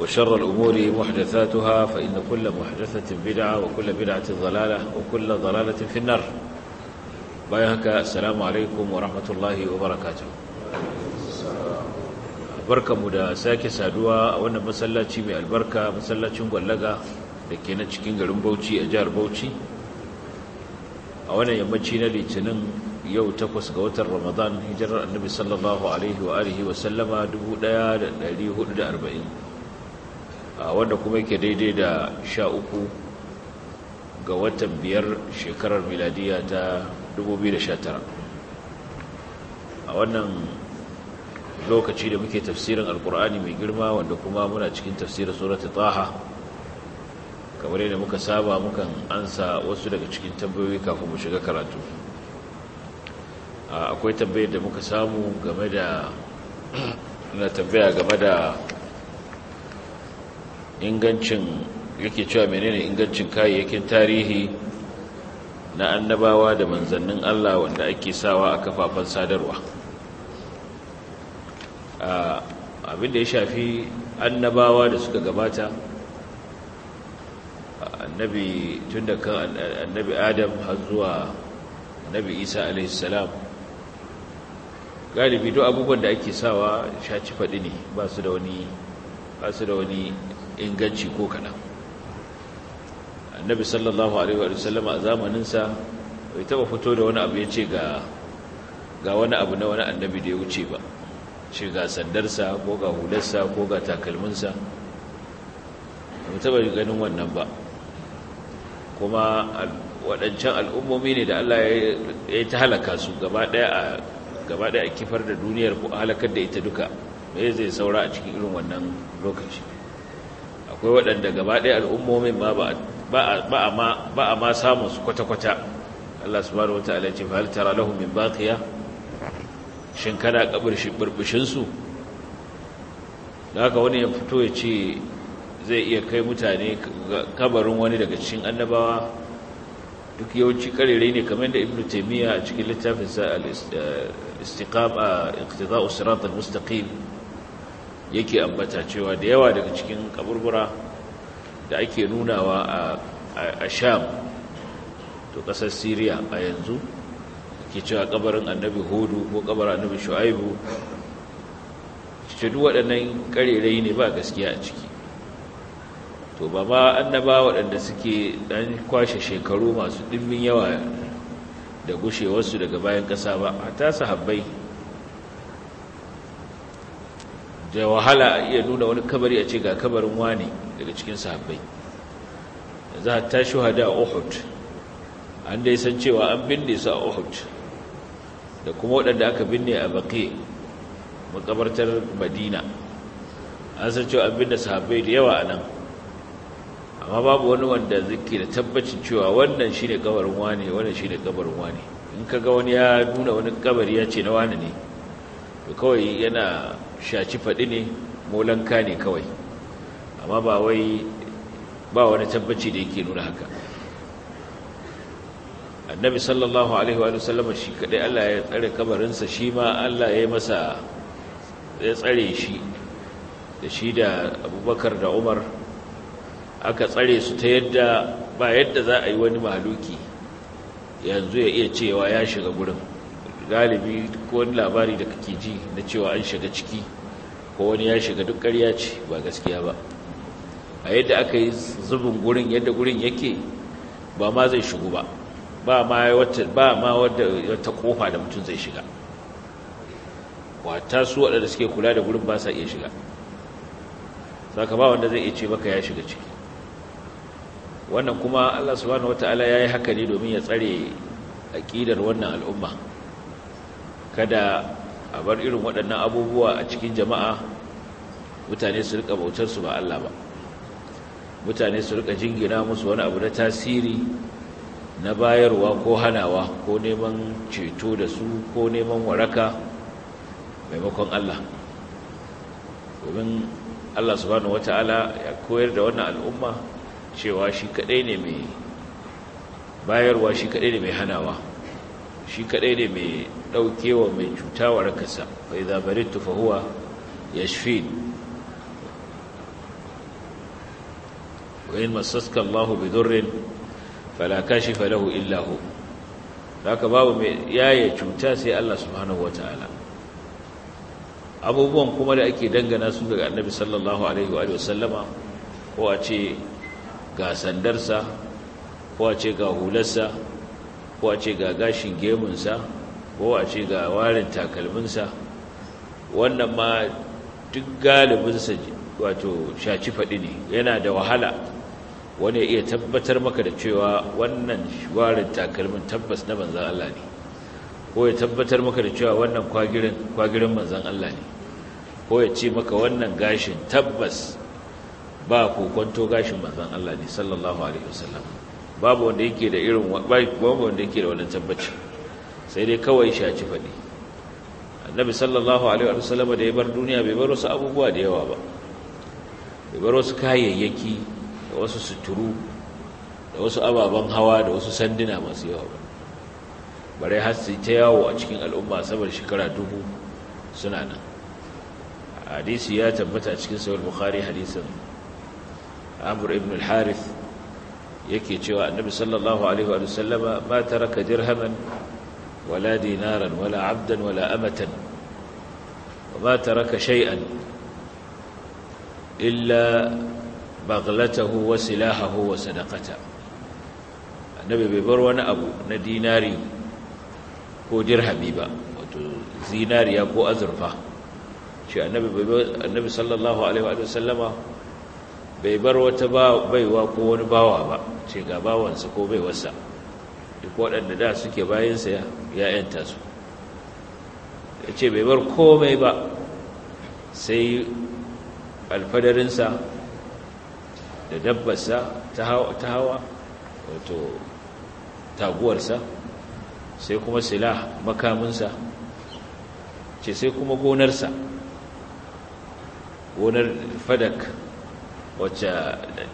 وشر الأمور محدثاتها فإن كل محدثة بدعة وكل بدعة ضلالة وكل ضلالة في النار بايهك السلام عليكم ورحمة الله وبركاته بركة مدى ساكي سادوا وانا مسلا تشيمي البركة مسلا تشنغ اللغة لكينا تشكينغ الانبوشي أجار بوشي وانا يمتشينا لتنن yau takwas ga watan ramadan hijirar annabi sallallahu alaihi wa alihi wa sallama 1440 wanda kuma yake daidai da sha uku ga watan biyar shekarar miladiya ta 2019 a wannan lokaci da muke tafsirin alkur'ani mai girma wanda kuma muna cikin tafsirin surata taha kamar yadda muka saba mukan ansa wasu daga cikin tambayoyi kafin mu shiga karatu akwai tambayar da muka samu game da na tambaya game da ingancin yake cewa menene ingancin kayayyakin tarihi na annabawa da manzannin Allah wanda ake sawa a kafafen sadarwa Abinda ya shafi annabawa da suka gabata annabi tun da kan annabi adam har zuwa annabi isa alaihissalam galibi duk abubuwan da ake sawa shaci faɗi ne ba su da wani inganci ko kaɗan annabi sallallahu alaihi wa sallam a zamaninsa bai taɓa fito da wani abu ya ce ga wani abu na wani annabi da ya wuce ba ce ga sandarsa ko ga hularsa ko ga takalminsa bai taɓa ganin wannan ba kuma waɗancan al'ummomi ne da Allah ya ta halaka su gaba ɗaya a kifar da duniyar ko halakar da ita duka me zai saura a cikin irin wannan lokaci akwai waɗanda gaba ɗaya al'ummomin ma ba a ma samun su kwata-kwata Allah subhanahu wa wata ce fa hal min baqiya shin kana kabir shi haka wani ya fito ya ce zai iya kai mutane kabarin wani daga cikin annabawa duk yawanci karere ne kamar da ibnu taimiyya a cikin littafinsa al-istiqama iqtida'u sirat al yake ambata cewa da yawa daga cikin kaburbura da ake nunawa a sham to kasar syria a yanzu ke cewa kabarin annabi hudu ko kabarin annabi shu'aibu cikin waɗannan ƙarerai ne ba gaskiya a ciki to ba ma annaba waɗanda suke ɗan kwashe shekaru masu ɗimbin yawa da gushewarsu daga bayan ƙasa ba a tasa sahabbai da wahala a iya nuna wani kabari a ce ga kabarin wani daga cikin sahabbai za a tashi hada a uhud an dai san cewa an binne su a uhud da kuma waɗanda aka binne a baki, makabartar madina an san cewa an binne sahabbai da yawa a nan amma babu wani wanda ke da tabbacin cewa wannan shi ne kabarin wani wannan shi ne kabarin wani in ka ga wani ya nuna wani kabari ya ce na wani ne to kawai yana shaci faɗi ne molanka ne kawai amma ba wai ba wani tabbaci da yake nuna haka annabi sallallahu alaihi wa sallam shi kadai Allah ya tsare kabarinsa shi ma Allah ya masa ya tsare shi da shi da abubakar da umar aka tsare su ta yadda ba yadda za a yi wani mahaluki yanzu ya iya cewa ya shiga gurin galibi ko wani labari da kake ji na cewa an shiga ciki ko wani ya shiga duk ƙarya ce ba gaskiya ba a yadda aka yi zubin gurin yadda gurin yake ba ma zai shigo ba ba ma wata kofa da mutum zai shiga wata su waɗanda suke kula da gurin ba sa iya shiga saka ba wanda zai iya ce maka ya shiga ciki wannan kuma allah subhanahu wata'ala ya yi haka ne domin ya tsare aƙidar wannan al'umma kada a bar irin waɗannan abubuwa a cikin jama'a mutane su rika bautar su ba Allah ba mutane su rika jingina musu wani abu na tasiri na bayarwa ko hanawa ko neman ceto da su ko neman waraka maimakon Allah domin Allah subhanahu wata'ala ya koyar da wannan al'umma cewa shi kaɗai ne mai bayarwa shi kaɗai ne mai hanawa shi kadai ne mai daukewa mai cuta warakarsa fa idza baritu fa huwa yashfin wa in massaska Allahu bi fala kashifa lahu illa hu haka babu mai yaye cuta sai Allah subhanahu wataala abubuwan kuma da ake dangana su daga annabi sallallahu alaihi wa sallama ko a ce ga sandarsa ko a ce ga hularsa ko a ce ga gashin gemunsa ko a ce ga warin takalminsa wannan ma duk galibinsa wato shaci faɗi ne yana da wahala wani iya tabbatar maka da cewa wannan warin takalmin tabbas na banzan Allah ne ko ya tabbatar maka da cewa wannan kwagirin banzan Allah ne ko ya ce maka wannan gashin tabbas ba kokonto gashin banzan Allah ne sallallahu alaihi wasallam babu wanda yake da irin babu wanda yake da wannan tabbacin sai dai kawai shaci faɗi annabi sallallahu alaihi wa da ya bar duniya bai bar wasu abubuwa da yawa ba bai bar wasu kayayyaki da wasu suturu da wasu ababen hawa da wasu sanduna masu yawa ba bare har ta yawo a cikin al'umma saboda shekara dubu suna nan hadisi ya tabbata cikin sahih bukhari hadisin amr ibn al-harith yake cewa annabi sallallahu alaihi wa sallama ba taraka dirhaman wala dinaran wala abdan wala amatan wa ba taraka shay'an illa baghlatahu wa silahahu wa sadaqata annabi bai bar wani abu na dinari ko dirhami ba wato zinariya ko azurfa shi annabi sallallahu alaihi wa sallama bai bar wata baiwa ko wani bawa ba ce ga bawansa ko bai wasa duk waɗanda da suke bayansa ya yanta su ya ce bai bar komai ba sai alfadarinsa da dabbarsa ta hawa wato taguwarsa sai kuma sila makaminsa ce sai kuma gonarsa gonar fadak wacce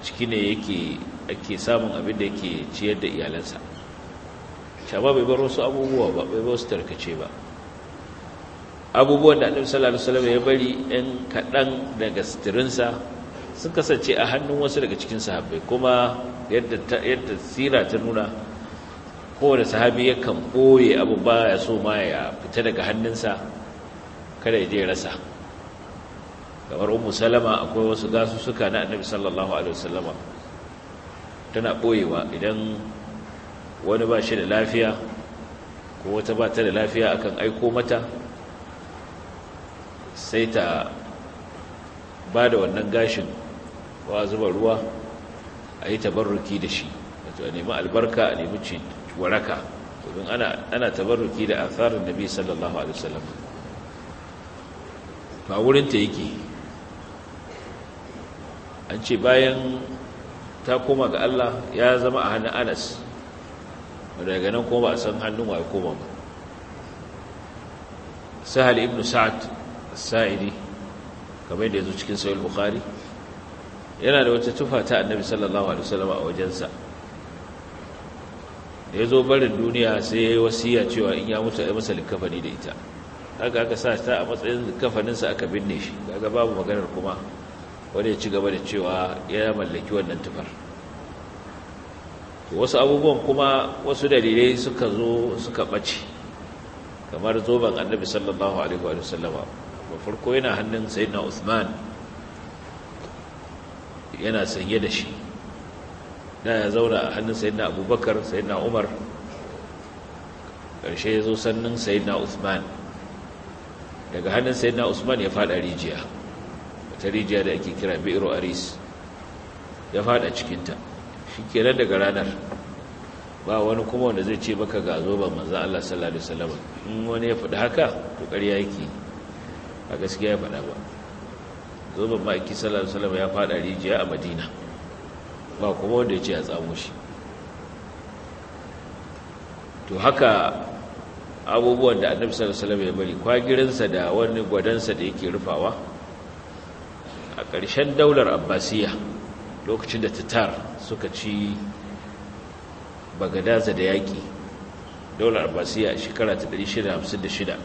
ciki ne yake ake samun abin da yake ciyar da iyalansa shaba bai bar wasu abubuwa ba bai wasu tarkace ba abubuwan da annabi sallallahu alaihi ya bari ɗan kaɗan daga sitirinsa sun kasance a hannun wasu daga cikin sahabbai kuma yadda yadda sira ta nuna kowane sahabi yakan ɓoye abu ba ya so ma ya fita daga hannunsa kada ya je rasa kamar ummu salama akwai wasu gasu suka na annabi sallallahu alaihi wasallama tana ɓoyewa idan wani ba shi da lafiya ko wata ba ta da lafiya akan aiko mata sai ta ba da wannan gashin wa zuba ruwa a yi tabarruki da shi wato a nemi albarka a nemi waraka domin ana tabarruki da atharin nabi sallallahu alaihi wasallam ba wurinta yake an ce bayan ta koma ga Allah ya zama a hannun Anas daga nan kuma ba a san hannun wa ya koma ba Sahal ibn Sa'ad Sa'idi kamar da zo cikin Sahih Bukhari yana da wata tufa ta Annabi sallallahu alaihi wasallam a wajensa da ya zo barin duniya sai ya yi wasiya cewa in ya mutu yi masa likafani da ita haka aka sa ta a matsayin kafaninsa aka binne shi kaga babu maganar kuma wanda ya ci gaba da cewa ya mallaki wannan tufar wasu abubuwan kuma wasu dalilai suka zo suka ɓace kamar zoben annabi sallallahu alaihi wa sallama ba farko yana hannun sayyidina Usman yana sanye da shi na ya zauna a hannun sayyidina Abubakar sayyidina Umar ƙarshe ya zo sannin sayyidina Usman daga hannun sayyidina Usman ya faɗa rijiya wata rijiya da ake kira biro aris ya fada cikinta shi kenan daga ranar ba wani kuma wanda zai ce baka ga zo ba manzan Allah sallallahu alaihi wasallam in wani ya faɗi haka to ƙarya yake a gaskiya ya faɗa ba zo ba ma'aiki sallallahu alaihi wasallam ya fada rijiya a madina ba kuma wanda ya ce ya tsamo shi to haka abubuwan da annabi sallallahu alaihi wasallam ya bari kwagirinsa da wani gwadansa da yake rufawa a ƙarshen daular abbasiya lokacin da tatar suka ci bagadaza da yaƙi daular abbasiya a shekara ta 656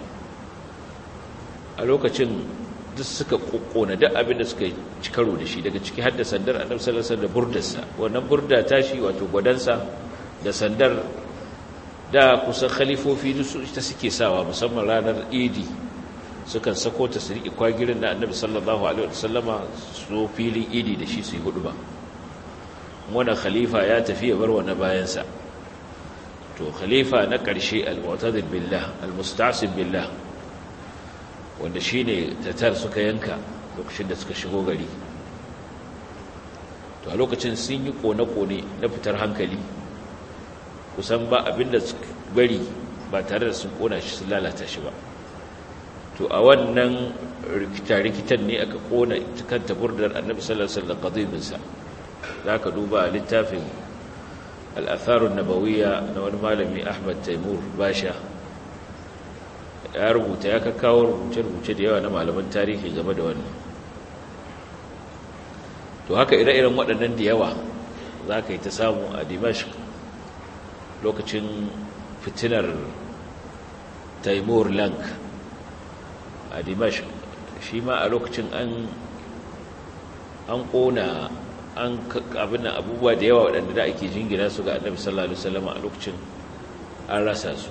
a lokacin duk suka ƙoƙona duk abin da suka ci karo da shi daga ciki har da sandar a ɗamsalasar da burdarsa wannan burda tashi wato gwadansa da sandar da kusan khalifofi duk su ita suke sawa musamman ranar idi sukan sako ta su riƙe kwagirin da annabi sallallahu alaihi wasallama su filin idi da shi su yi hudu ba wani khalifa ya tafi ya bar wani bayansa to khalifa na ƙarshe al-mu'tadil billah al-musta'sib billah wanda shine tatar suka yanka lokacin da suka shigo gari to a lokacin sun yi kone-kone na fitar hankali kusan ba abinda bari ba tare da sun kona shi sun lalata shi ba to a wannan rikita-rikitan ne aka kona kanta burdar annabi sallallahu alaihi wasallam qadiminsa duba littafin al-atharun nabawiyya na wani malami Ahmad Taimur Basha ya rubuta ya kakkawo rubuce-rubuce da yawa na malaman tarihi game da wannan to haka ire-iren waɗannan da yawa za ka yi ta samu a dimashq lokacin fitinar taimur lank a dimash shi ma a lokacin an ƙona kona an abin abubuwa da yawa waɗanda da ake jingina su ga annabi sallallahu alaihi a lokacin an rasa su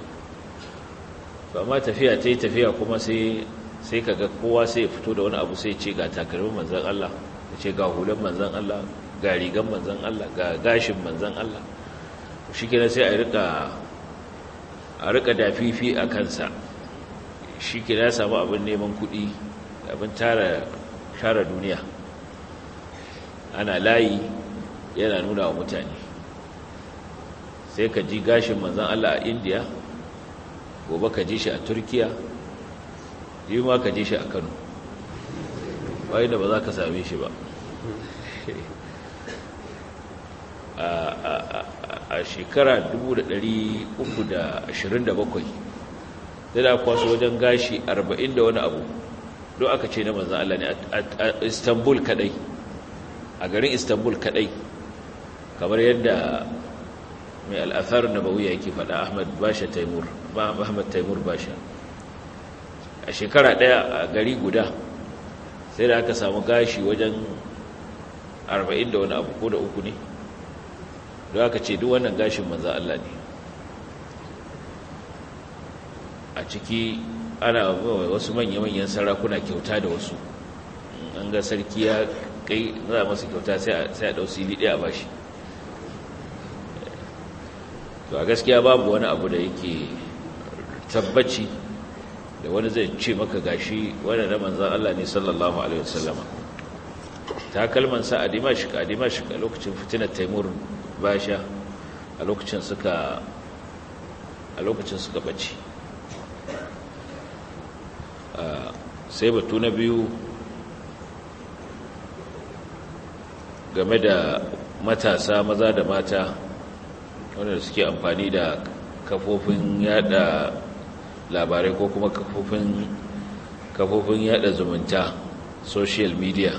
amma tafiya ta yi tafiya kuma sai sai kaga kowa sai ya fito da wani abu sai ce ga takalmin manzan Allah ya ce ga hulan manzan Allah ga rigan manzan Allah ga gashin manzan Allah shi kenan sai a rika a rika dafifi a kansa shi ke ya samu abin neman kudi abin tara duniya ana layi yana nuna wa mutane sai ka ji gashin manzan Allah a indiya gobe ka ji shi a turkiya yi ma ka ji shi a kano wai da ba za ka same shi ba a shekara 327 yana kwaso wajen gashi arba'in da wani abu don aka ce na manzan Allah ne a istanbul kadai a garin istanbul kadai kamar yadda mai al'athar na bawuya yake fada ahmad basha taimur ba ahmad taimur basha a shekara daya a gari guda sai da aka samu gashi wajen arba'in da wani abu ko da uku ne don aka ce duk wannan gashin manzan Allah ne ciki ana wasu manya-manyan sarakuna kyauta da wasu an ga sarki ya kai za masu kyauta sai a ɗausi liɗi a bashi to a gaskiya babu wani abu da yake tabbaci da wani zai ce maka gashi wani da manzan Allah ne sallallahu alaihi wasallama takalmansa a dimashik a dimashik a lokacin fitinar taimur basha a lokacin suka a lokacin suka bace sai batu na biyu game da matasa maza da mata wanda suke amfani da kafofin yada labarai ko kuma kafofin kafofin yada zumunta social media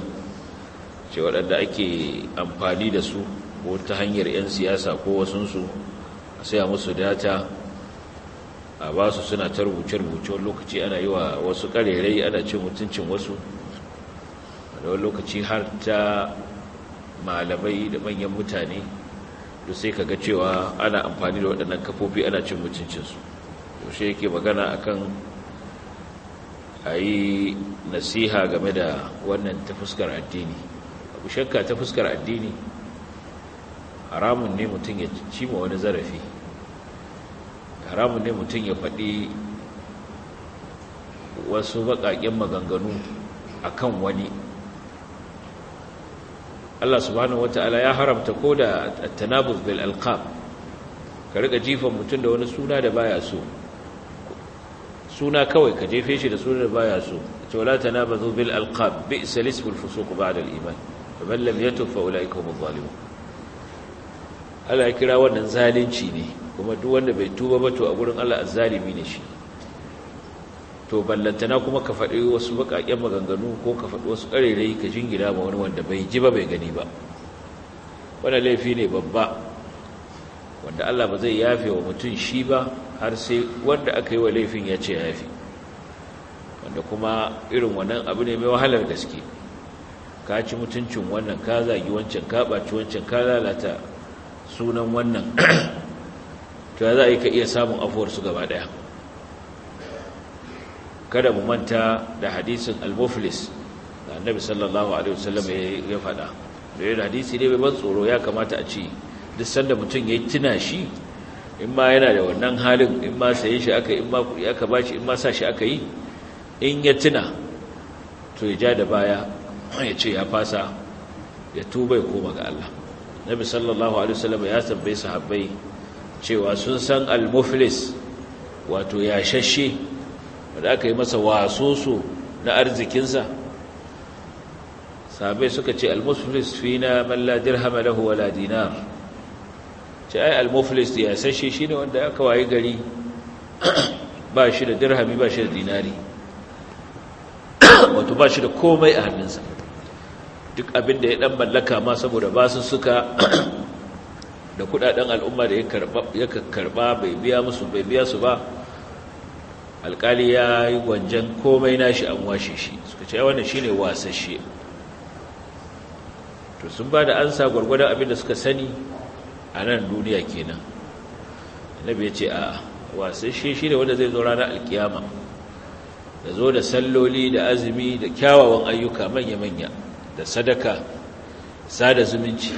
ce waɗanda ake amfani da su ko ta hanyar 'yan siyasa ko wasunsu sai a musu data a ba su suna ta rubuce-rubuce wani lokaci ana yi wa wasu karerai ana cin mutuncin wasu da wani lokaci har ta malamai da manyan mutane da sai ka ga cewa ana amfani da waɗannan kafofi ana cin mutuncinsu yaushe yake magana akan a yi nasiha game da wannan ta fuskar addini abu shakka ta fuskar addini haramun ne mutum ya cima wani zarafi haramun ne mutum ya faɗi wasu baƙaƙen maganganu a kan wani Allah subhanahu wata'ala ya haramta ko da tanabuz bil alqab ka riga jifan mutum da wani suna da baya so suna kawai ka jefe shi da suna da baya so ce wala tanabazu bil alqab bi'sa lismul fusuq ba'da al iman faman lam yatub fa ulaika humuz Allah ya kira wannan zalunci ne kuma duk wanda bai tuba ba to a gurin Allah azzalimi ne shi to ballantana kuma ka faɗi wasu baƙaƙen maganganu ko ka faɗi wasu ƙarerai ka jingira ma wani wanda bai ji ba bai gani ba wani laifi ne babba wanda Allah ba zai yafe wa mutum shi ba har sai wanda aka yi wa laifin ya ce yafe wanda kuma irin wannan abu ne mai wahalar gaske ka ci mutuncin wannan ka zagi wancan ka ɓaci wancan ka lalata sunan wannan to za a yi ka iya samun afuwarsu gaba ɗaya kada mu manta da hadisin al-muflis da annabi sallallahu alaihi wasallam ya faɗa da yadda hadisi ne mai ban tsoro ya kamata a ci duk sanda mutum ya tuna shi in ma yana da wannan halin in ma sayi shi aka in aka ba shi in ma sa shi aka yi in ya tuna to ya ja da baya ya ce ya fasa ya tuba ya koma ga Allah nabi sallallahu alaihi wasallam ya sabbai sahabbai cewa sun san al-muflis wato yashashe wanda aka yi masa wasoso na arzikinsa sabai suka ce al-muflis fina man la dirhama lahu wala dinar ce ai al-muflis yashashe shine wanda aka wayi gari ba shi da dirhami ba shi da dinari wato ba shi da komai a hannunsa duk abin da ya dan mallaka ma saboda basu suka da kudaden al'umma da ya karba bai biya musu bai biya su ba alkali ya yi gwanjan komai nashi an washe shi suka ce wannan ne wasashe to sun ba da ansa gwargwadon abin da suka sani a nan duniya kenan annabi ya ce a wasashe ne wanda zai zo ranar alkiyama da zo da salloli da azumi da kyawawan ayyuka manya-manya da sadaka sada zumunci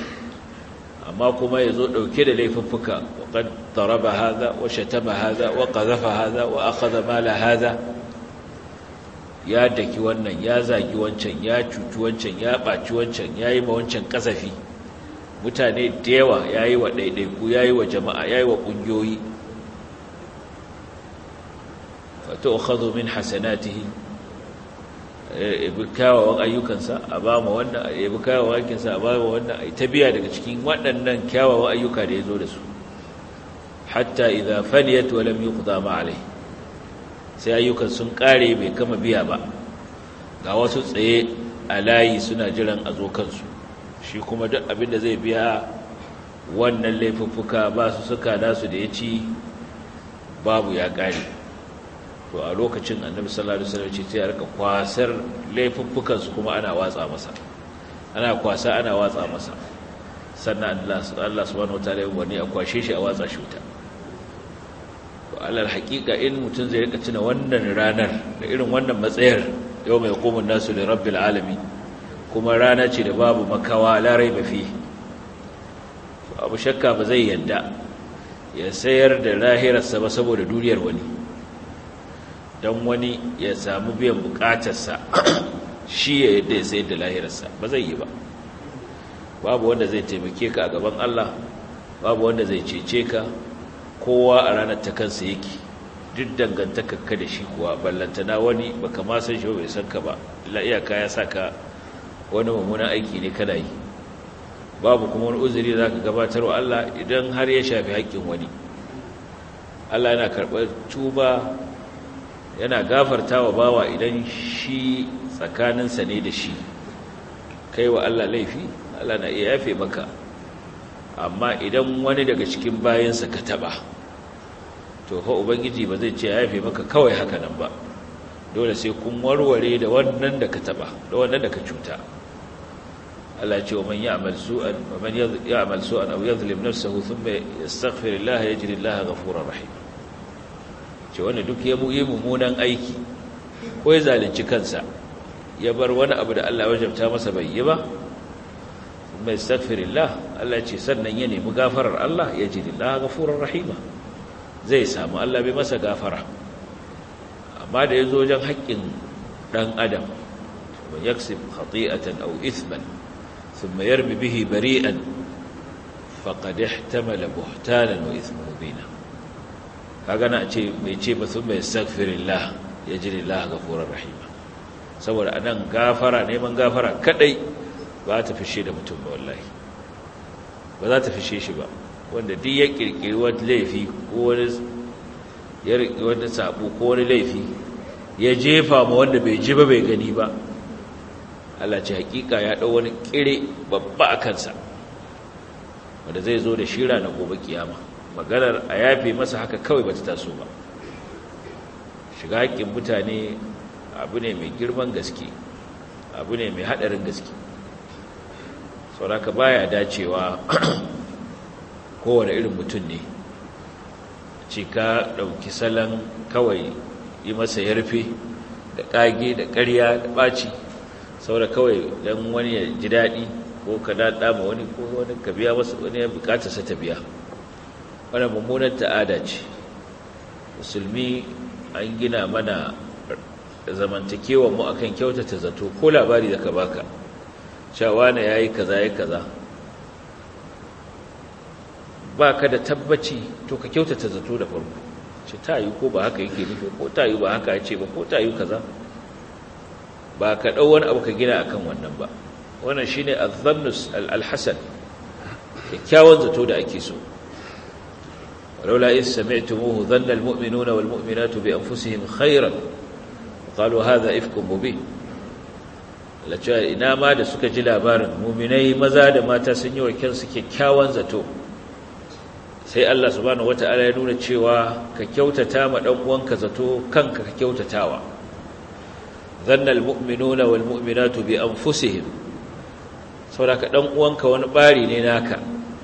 amma kuma ya zo ɗauke da laifuffuka waƙad taraba haza wa shatama haza wa ƙazafa haza wa akhadha mala haza ya daki wannan ya zagi wancan ya cuci wancan ya ɓaci wancan ya yi ma wancan ƙasafi mutane da yawa ya yi wa ɗaiɗaiku ya yi wa jama'a ya yi wa ƙungiyoyi fata ukhadhu min hasanatihi bi kyawawan ayyukansa a ba ma wannan yabi kyawawan ayyukansa a ba wannan ai tabiya daga cikin waɗannan kyawawan ayyuka da ya zo da su hatta idza faliyat wa lam yuqda ma alai sai ayyukan sun kare bai kama biya ba ga wasu tsaye a layi suna jiran a zo kansu shi kuma duk abin da zai biya wannan laifuffuka ba su suka nasu da ya ci babu ya kare to a lokacin annabi sallallahu alaihi wasallam ce sai a rika kwasar laifuffukan su kuma ana watsa masa ana kwasa ana watsa masa sannan Allah subhanahu wataala ya wani a kwashe shi a watsa shi wuta to alal haqiqa in mutun zai rika tuna wannan ranar da irin wannan matsayar yau mai hukumun nasu da rabbil alamin kuma rana ce da babu makawa larai bafi abu shakka ba zai yadda ya sayar da lahirarsa ba saboda duniyar wani don wani ya samu biyan bukatarsa shi ya yadda ya sayar da lahirarsa ba zai yi ba babu wanda zai taimake ka a gaban Allah babu wanda zai cece ka kowa a ranar ta kansa yake duk ka da shi kuwa ballantana wani ba ma san shi bai san ka ba la iyaka ya saka wani mummunan aiki ne kana yi babu kuma wani uzuri ka gabatar wa Allah idan har ya shafi haƙƙin wani Allah yana karɓar tuba yana gafarta wa bawa idan shi tsakaninsa ne da shi kai wa Allah laifi Allah na iya yafe maka amma idan wani daga cikin bayansa ka taba to fa ubangiji ba zai ce ya yafe maka kawai haka nan ba dole sai kun warware da wannan da ka taba da wannan da ka cuta Allah ce wa man ya'mal su'an wa man ya'mal su'an aw yadhlim nafsahu thumma yastaghfir Allah yajri Allah ghafurur rahim ce wanda duk ya yi mummunan aiki ko ya zalunci kansa ya bar wani abu da Allah wajabta masa bai yi ba mai astaghfirullah Allah ce sannan ya nemi gafarar Allah ya ji dila ghafurur rahima zai samu Allah bai masa gafara amma da ya zo wajen haƙƙin ɗan adam wa yaksib khati'atan aw ithman thumma yarmi bihi bari'an faqad ihtamala buhtanan wa isman, mubina kaga na ce bai ce ba sun mai astaghfirullah ya ji ga ghafurur rahima saboda a nan gafara neman gafara kadai ba ta fishe da mutum ba wallahi ba za ta fishe shi ba wanda duk ya kirkiri wani laifi ko wani ya riƙi wani sabo ko wani laifi ya jefa ma wanda bai ji ba bai gani ba Allah ce hakika ya ɗau wani kire babba a kansa wanda zai zo da shira na gobe kiyama maganar a yafe masa haka kawai bata taso ba shiga haƙƙin mutane abu ne mai girman gaske abu ne mai haɗarin gaske sauraka baya dacewa kowane irin mutum ne ce ka ɗauki salon kawai yi masa yarfe da ƙage da ƙarya da ɓaci saura kawai don wani ya ji daɗi ko ka daɗa ma wani ko wani ka biya masa wani ya sa ta biya wannan mummunar ta'ada ce musulmi an gina mana zamantakewa mu akan kyautata zato ko labari da ka baka cewa na yayi kaza yayi kaza baka da tabbaci to ka kyautata zato da farko ce ta yi ko ba haka yake nufi ko ta yi ba haka ce ba ko ta yi kaza ba ka ɗau wani abu ka gina akan wannan ba wannan shine azzamnus al-hasan kyakkyawan zato da ake so ولولا إذ سمعتموه ظن المؤمنون والمؤمنات بأنفسهم خيرا قالوا هذا إفك مبين lacewa ina ma da suka ji labarin muminai maza da mata sun yi wa kyansu kyakkyawan zato sai Allah Wata ala ya nuna cewa ka kyautata ma dan zato kanka ka kyautatawa saboda ka dan uwanka wani bari ne naka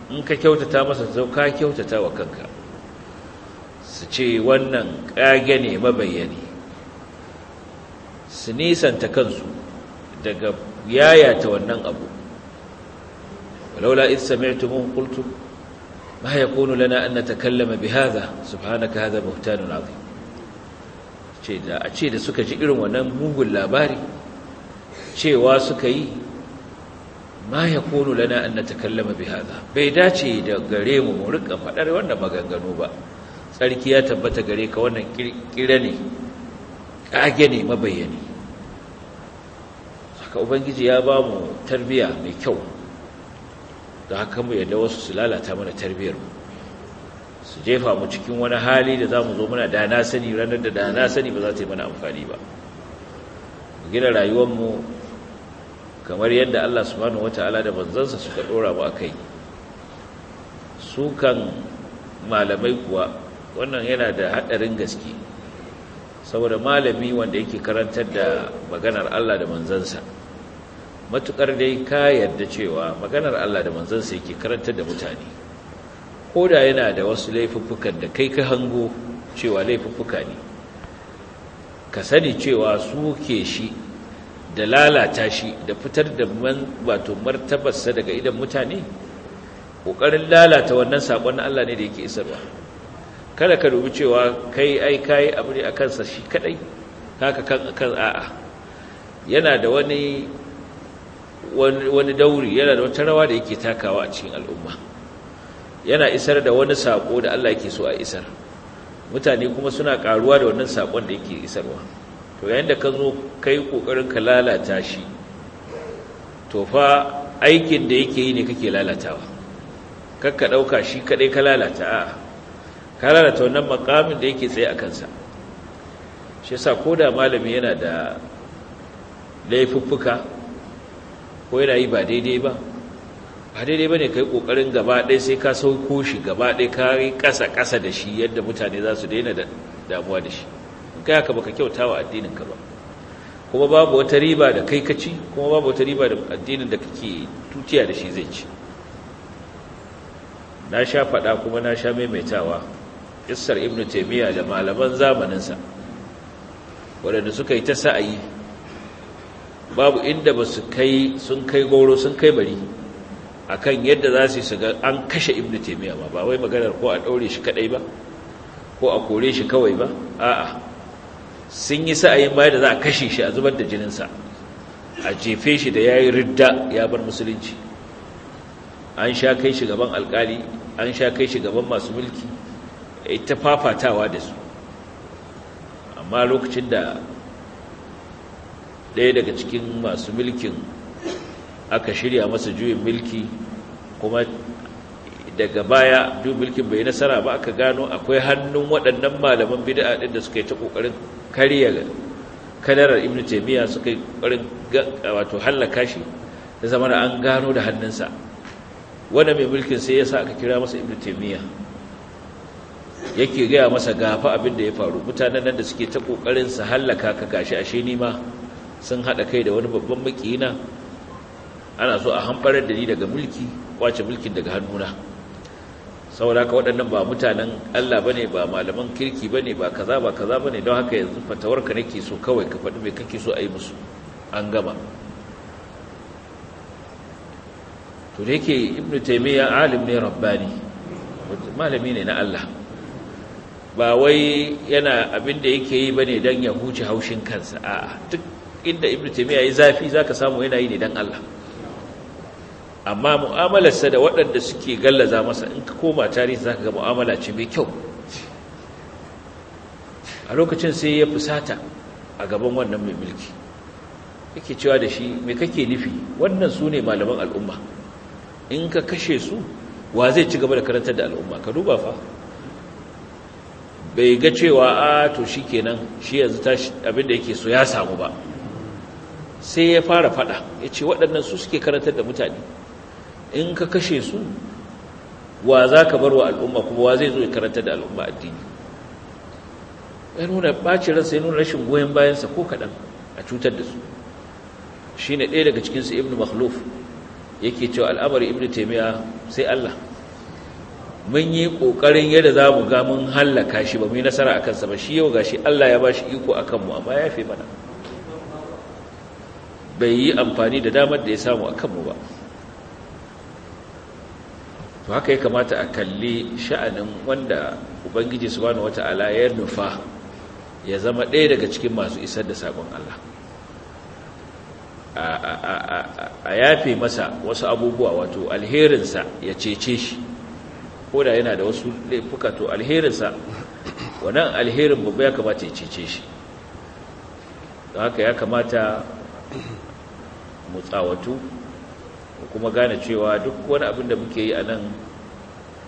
in ka kyautata masa zato ka kyautata wa kanka su ce wannan ƙage ne mabayani. su nisanta kansu daga yayata wannan abu walaula in sami'tumun qultum ma yakunu lana an natakallama bihadha subhanaka hadha buhtanun azim ce da a ce da suka ji irin wannan mugun labari cewa suka yi ma yakunu lana an natakallama bihadha bai dace da gare mu mu rika faɗar wannan maganganu ba tsarki ya tabbata gare ka wannan kira ne ƙage ne mabayyani haka ubangiji ya ba mu tarbiya mai kyau da haka mu yadda wasu su lalata mana tarbiyar mu su jefa mu cikin wani hali da za mu zo muna da sani ranar da dana sani ba za ta yi mana amfani ba gina rayuwar mu kamar yadda Allah subhanahu wata'ala da manzansa suka dora mu akai su kan malamai kuwa wannan yana da haɗarin gaske saboda malami wanda yake karantar da maganar Allah da manzansa matukar dai ka yarda cewa maganar Allah da manzansa yake karantar da mutane ko da yana da wasu laifuffukan da kai ka hango cewa laifuffuka ne ka sani cewa su ke shi da lalata shi da fitar da wato martabarsa daga idan mutane ƙoƙarin lalata wannan saƙon Allah ne da yake isarwa kada ka dubi cewa kai ai kai abu ne a kansa shi kadai haka kan akan a'a yana da wani wani dauri yana da wata rawa da yake takawa a cikin al'umma yana isar da wani sako da Allah yake so a isar mutane kuma suna karuwa da wannan sakon da yake isarwa to yayin da ka zo kai kokarin ka lalata shi to fa aikin da yake yi ne kake lalatawa kakka dauka shi kadai ka lalata a'a ka lalata wannan makamin da yake tsaye a kansa shi yasa ko da malami yana da laifuffuka ko yana yi ba daidai ba ba daidai ba ne ka yi ƙoƙarin gaba sai ka sauko shi gaba ka yi ƙasa-ƙasa da shi yadda mutane za su daina da damuwa da shi in ka yaka baka kyauta wa addininka ba kuma babu wata riba da kai ka ci kuma babu wata riba da addinin da kake tutiya da shi zai ci na sha faɗa kuma na sha maimaitawa kissar ibnu taimiyya da malaman zamaninsa waɗanda suka yi ta sa'ayi babu inda ba su kai sun kai goro sun kai bari a kan yadda za su ga an kashe ibnu taimiyya ba ba wai maganar ko a daure shi kaɗai ba ko a kore shi kawai ba a'a sun yi sa'ayin bayan da za a kashe shi a zubar da jininsa a jefe shi da ya yi ridda ya bar musulunci an sha kai shi gaban alkali an sha kai shi gaban masu mulki ita fafatawa da su amma lokacin da ɗaya daga cikin masu milkin aka shirya masa juyin milki kuma daga baya juyin milkin bai nasara ba aka gano akwai hannun waɗannan malaman bid'a ɗin da suka yi ta ƙoƙarin kariya, kadarar ibnu taymiya suka yi ƙoƙarin wato hallaka shi ta zama da an gano da hannunsa wanda mai mulkin sai ya sa aka kira masa ibnu taymiya yake gaya masa gafa abin da ya faru mutanen nan da suke ta kokarin su hallaka ka gashi ashe ni ma sun hada kai da wani babban makiyina ana so a hanbarar da ni daga mulki kwace mulkin daga hannuna saboda ka waɗannan ba mutanen Allah bane ba malaman kirki bane ba kaza ba kaza bane don haka yanzu fatawarka nake so kawai ka faɗi me kake so a yi musu an gama to da yake ibnu taymiya alim ne rabbani malami ne na Allah ba wai yana abin da yake yi bane dan ya huce haushin kansa a'a duk inda ibnu taymiya yayi zafi zaka samu yana yi ne dan Allah amma mu'amalarsa da waɗanda suke gallaza masa in ka koma tarihi zaka ga mu'amala ce mai kyau a lokacin sai ya fusata a gaban wannan mai mulki yake cewa da shi me kake nufi wannan su ne malaman al'umma in ka kashe su wa zai ci gaba da karantar da al'umma ka duba fa bai ga cewa a to shi kenan shi yanzu abinda yake so ya samu ba sai ya fara fada ya ce waɗannan su suke karantar da mutane in ka kashe su wa za ka bar wa al'umma kuma wa zai zo ya karantar da al'umma addini ya nuna ɓacin ransa ya nuna rashin goyon bayansa ko kaɗan a cutar da su shi ne ɗaya daga cikinsu ibn makhluf yake cewa al'amari ibn taimiyya sai allah mun yi ƙoƙarin yadda za mu ga mun hallaka shi ba mu yi nasara a kansa ba shi yau ga shi Allah ya ba shi iko a kanmu amma ya fi mana bai yi amfani da damar da ya samu a kanmu ba to haka ya kamata a kalli sha'anin wanda ubangiji subhanahu wata'ala ya nufa ya zama ɗaya daga cikin masu isar da sabon Allah a yafe masa wasu abubuwa wato alherinsa ya cece shi koda yana da wasu laifuka to alherinsa wannan alherin babba ya kamata ya cece shi don haka ya kamata mu tsawatu kuma gane cewa duk wani abin da muke yi a nan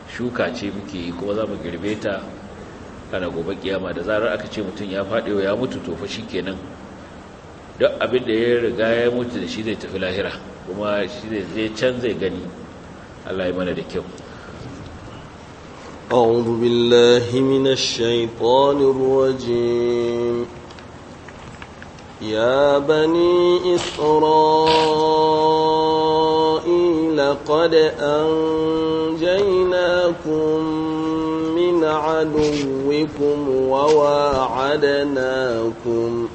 shuka ce muke yi kuma za mu girbe ta ana gobe kiyama da zarar aka ce mutum ya faɗi ya mutu tofa shi kenan duk abin da ya riga ya mutu da shi zai tafi lahira kuma shi zai can gani allah ya mana da kyau أعوذ بالله من الشيطان الرجيم يا بني إسرائيل قد أنجيناكم من عدوكم وواعدناكم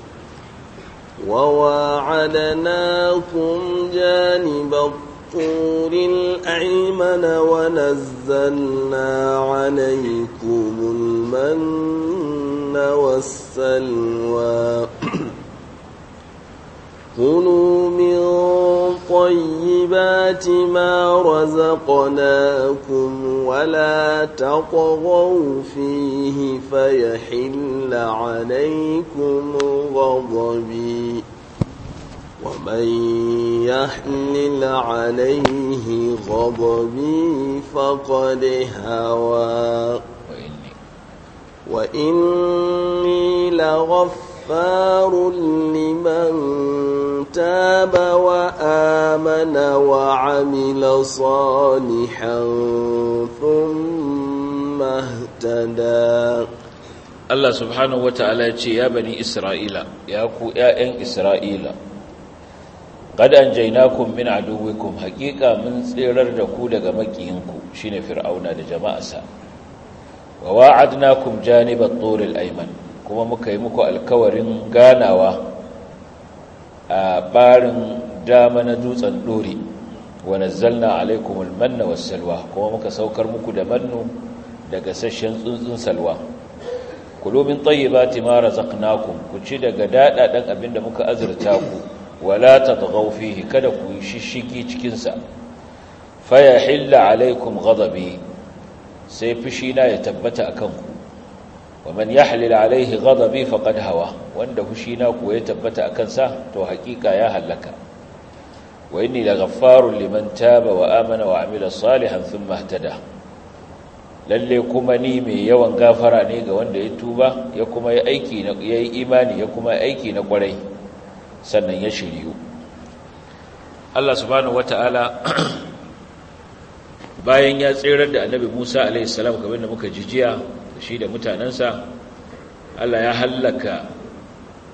وواعدناكم جانب الطريق الطور الأيمن ونزلنا عليكم المن والسلوى كلوا من طيبات ما رزقناكم ولا تطغوا فيه فيحل عليكم غضبي ومن يحلل عليه غضبي فقد هوى وإني لغفار لمن تاب وآمن وعمل صالحا ثم اهتدى Allah subhanahu wa ta'ala ce ya bani Isra'ila, ya ku ‘ya'yan Isra'ila’. qad anjaynakum min aduwwikum haqiqa mun tserar da ku daga makiyinku shine fir'auna da jama'arsa wa wa'adnakum janibat tur aiman kuma muka yi muku alkawarin ganawa a barin dama na dutsen dore wa nazzalna alaikum al-manna kuma muka saukar muku da mannu daga sashen tsuntsun salwa kulu min tayyibati ma razaqnakum ku ci daga dadadan abinda muka azurta ku wala tatghaw fihi kada ku shishigi cikin sa faya hilla alaikum ghadabi sai Fushina ya tabbata a kanku. wa man yahlil alaihi ghadabi faqad hawa wanda fushi na ya tabbata akan sa to haƙiƙa ya hallaka wa inni laghaffarun liman taba wa amana wa amila salihan thumma ihtada lalle kuma ni mai yawan gafara ne ga wanda ya tuba ya kuma yi yayi imani ya kuma aiki na kwarai sannan ya shiryu Allah subhanahu wata'ala bayan ya tserar da annabi Musa alaihi salam kamar da muka jijiya shi da mutanansa Allah ya hallaka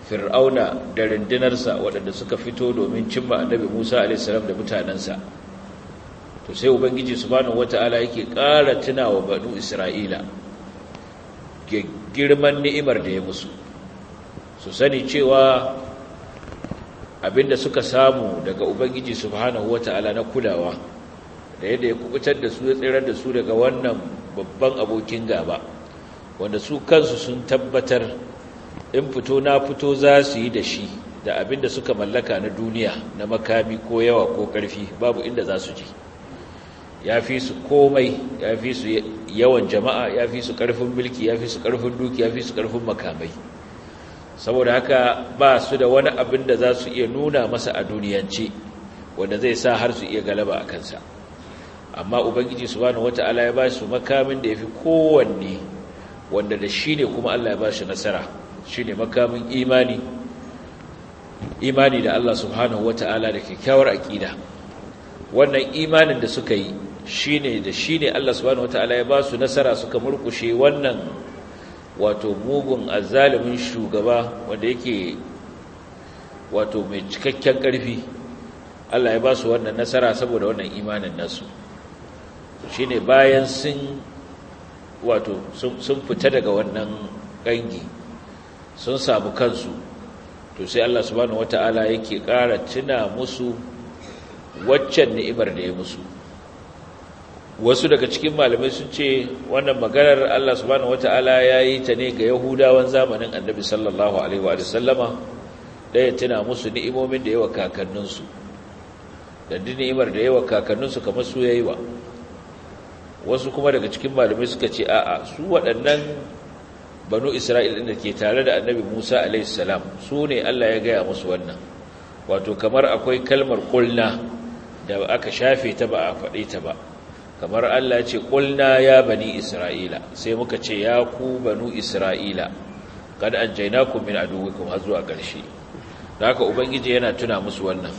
fir'auna da rundunarsa waɗanda suka fito domin cimma annabi Musa alaihi salam da mutanansa to sai ubangiji subhanahu wata'ala yake ƙara tunawa banu Isra'ila girman ni'imar da ya musu su sani cewa abinda suka samu daga ubangiji subhanahu wata'ala na kulawa da yadda ya kubutar da su ya tsirar da su daga wannan babban abokin gaba wanda su kansu sun tabbatar in fito na fito za su yi da shi da abinda suka mallaka na duniya na makami ko yawa ko ƙarfi babu inda za su je ya fi su komai ya fi su yawan jama'a ya fi su ƙarfin mulki ya fi su ƙarfin duki ya fi su ƙarfin makamai saboda haka ba su da wani abin da za su iya nuna masa a duniyance wanda zai sa har su iya galaba a kansa amma ubangiji subhanahu wata'ala ya ba su makamin da ya fi kowanne wanda da shi ne kuma Allah ya ba shi nasara shi ne makamin imani imani da Allah subhanahu wata'ala da kyakkyawar aƙida wannan imanin da suka yi shi ne da shi ne Allah subhanahu wata'ala ya ba su nasara suka murkushe wannan wato mugun azalimin shugaba wanda yake wato mai cikakken ƙarfi Allah ya ba su wannan nasara saboda wannan imanin nasu shi ne bayan sun wato sun fita daga wannan ƙangi sun samu kansu to sai Allah subhanahu wata'ala yake ƙara tuna musu waccan ni'imar da ya musu wasu daga cikin malamai sun ce wannan maganar Allah subhanahu wata'ala ya ta ne ga yahudawan zamanin annabi sallallahu alaihi wa sallama da ya tuna musu ni'imomin da yawa kakanninsu da ni'imar da yawa kakanninsu kamar su yayi wa wasu kuma daga cikin malamai suka ce a'a su waɗannan banu isra'il da ke tare da annabi musa salam su ne allah ya gaya musu wannan wato kamar akwai kalmar kulna da aka shafe ta ba a faɗe ta ba kamar Allah ce ƙulna ya bani isra'ila sai muka ce ya ku banu isra'ila kada an jaina ku min aduwikum har zuwa ƙarshe da haka ubangiji yana tuna musu wannan